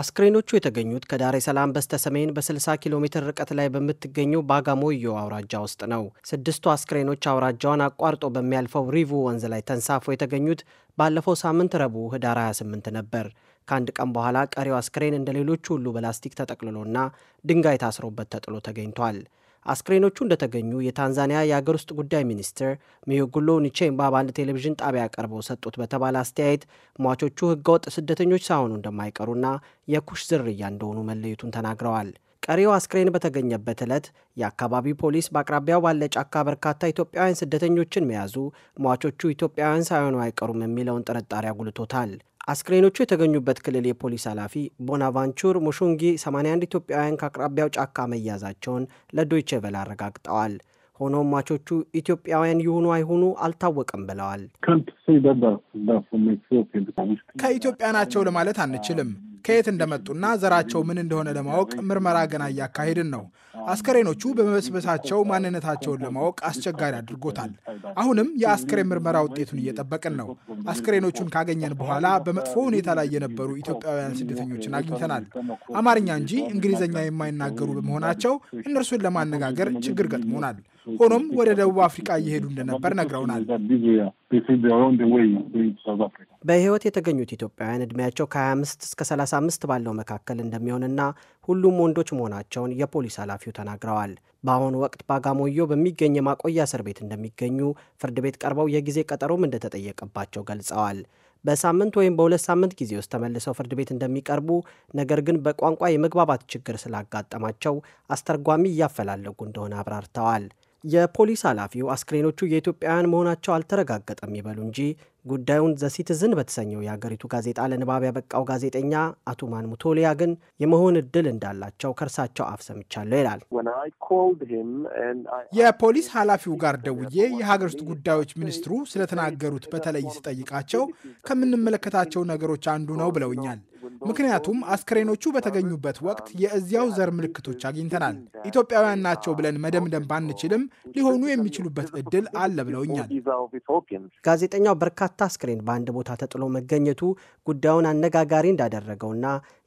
አስክሬኖቹ የተገኙት ከዳሬ ሰላም በስተ ሰሜን በ60 ኪሎ ሜትር ርቀት ላይ በምትገኘው ባጋሞዮ አውራጃ ውስጥ ነው። ስድስቱ አስክሬኖች አውራጃዋን አቋርጦ በሚያልፈው ሪቮ ወንዝ ላይ ተንሳፎ የተገኙት ባለፈው ሳምንት ረቡዕ ህዳር 28 ነበር። ከአንድ ቀን በኋላ ቀሪው አስክሬን እንደ ሌሎቹ ሁሉ በላስቲክ ተጠቅልሎና ድንጋይ ታስሮበት ተጥሎ ተገኝቷል። አስክሬኖቹ እንደተገኙ የታንዛኒያ የአገር ውስጥ ጉዳይ ሚኒስትር ሚዮጉሎ ኒቼምባ በአንድ ቴሌቪዥን ጣቢያ ቀርበው ሰጡት በተባለ አስተያየት ሟቾቹ ህገወጥ ስደተኞች ሳይሆኑ እንደማይቀሩና የኩሽ ዝርያ እንደሆኑ መለየቱን ተናግረዋል። ቀሪው አስክሬን በተገኘበት ዕለት የአካባቢው ፖሊስ በአቅራቢያው ባለ ጫካ በርካታ ኢትዮጵያውያን ስደተኞችን መያዙ ሟቾቹ ኢትዮጵያውያን ሳይሆኑ አይቀሩም የሚለውን ጥርጣሬ አጉልቶታል። አስክሬኖቹ የተገኙበት ክልል የፖሊስ ኃላፊ ቦናቫንቹር ሙሹንጊ 81 ኢትዮጵያውያን ከአቅራቢያው ጫካ መያዛቸውን ለዶይቼ ቬለ አረጋግጠዋል። ሆኖም ማቾቹ ኢትዮጵያውያን ይሁኑ አይሁኑ አልታወቀም ብለዋል። ከኢትዮጵያ ናቸው ለማለት አንችልም። ከየት እንደመጡና ዘራቸው ምን እንደሆነ ለማወቅ ምርመራ ገና እያካሄድን ነው። አስከሬኖቹ በመበስበሳቸው ማንነታቸውን ለማወቅ አስቸጋሪ አድርጎታል። አሁንም የአስከሬን ምርመራ ውጤቱን እየጠበቅን ነው። አስከሬኖቹን ካገኘን በኋላ በመጥፎ ሁኔታ ላይ የነበሩ ኢትዮጵያውያን ስደተኞችን አግኝተናል። አማርኛ እንጂ እንግሊዝኛ የማይናገሩ በመሆናቸው እነርሱን ለማነጋገር ችግር ገጥሞናል። ሆኖም ወደ ደቡብ አፍሪካ እየሄዱ እንደነበር ነግረውናል። በህይወት የተገኙት ኢትዮጵያውያን ዕድሜያቸው ከ25 እስከ 35 ባለው መካከል እንደሚሆንና ሁሉም ወንዶች መሆናቸውን የፖሊስ ኃላፊው ተናግረዋል። በአሁኑ ወቅት በአጋሞዮ በሚገኝ የማቆያ እስር ቤት እንደሚገኙ፣ ፍርድ ቤት ቀርበው የጊዜ ቀጠሮም እንደተጠየቀባቸው ገልጸዋል። በሳምንት ወይም በሁለት ሳምንት ጊዜ ውስጥ ተመልሰው ፍርድ ቤት እንደሚቀርቡ ነገር ግን በቋንቋ የመግባባት ችግር ስላጋጠማቸው አስተርጓሚ እያፈላለጉ እንደሆነ አብራርተዋል። የፖሊስ ኃላፊው አስክሬኖቹ የኢትዮጵያውያን መሆናቸው አልተረጋገጠም ይበሉ እንጂ ጉዳዩን ዘሲትዝን በተሰኘው የአገሪቱ ጋዜጣ ለንባብ ያበቃው ጋዜጠኛ አቶ ማን ሙቶሊያ ግን የመሆን እድል እንዳላቸው ከእርሳቸው አፍ ሰምቻለሁ ይላል። የፖሊስ ኃላፊው ጋር ደውዬ የሀገር ውስጥ ጉዳዮች ሚኒስትሩ ስለተናገሩት በተለይ ስጠይቃቸው ከምንመለከታቸው ነገሮች አንዱ ነው ብለውኛል። ምክንያቱም አስክሬኖቹ በተገኙበት ወቅት የእዚያው ዘር ምልክቶች አግኝተናል። ኢትዮጵያውያን ናቸው ብለን መደምደም ባንችልም ሊሆኑ የሚችሉበት እድል አለ ብለውኛል። ጋዜጠኛው በርካታ አስክሬን በአንድ ቦታ ተጥሎ መገኘቱ ጉዳዩን አነጋጋሪ እንዳደረገውና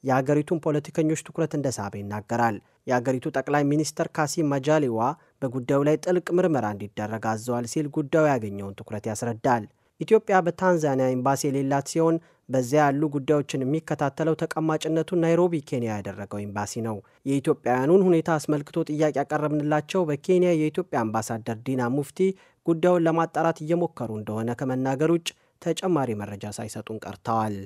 የአገሪቱን ፖለቲከኞች ትኩረት እንደሳበ ይናገራል። የአገሪቱ ጠቅላይ ሚኒስትር ካሲም ማጃሌዋ በጉዳዩ ላይ ጥልቅ ምርመራ እንዲደረግ አዘዋል ሲል ጉዳዩ ያገኘውን ትኩረት ያስረዳል። ኢትዮጵያ በታንዛኒያ ኤምባሲ የሌላት ሲሆን በዚያ ያሉ ጉዳዮችን የሚከታተለው ተቀማጭነቱን ናይሮቢ ኬንያ ያደረገው ኤምባሲ ነው። የኢትዮጵያውያኑን ሁኔታ አስመልክቶ ጥያቄ ያቀረብንላቸው በኬንያ የኢትዮጵያ አምባሳደር ዲና ሙፍቲ ጉዳዩን ለማጣራት እየሞከሩ እንደሆነ ከመናገር ውጭ ተጨማሪ መረጃ ሳይሰጡን ቀርተዋል።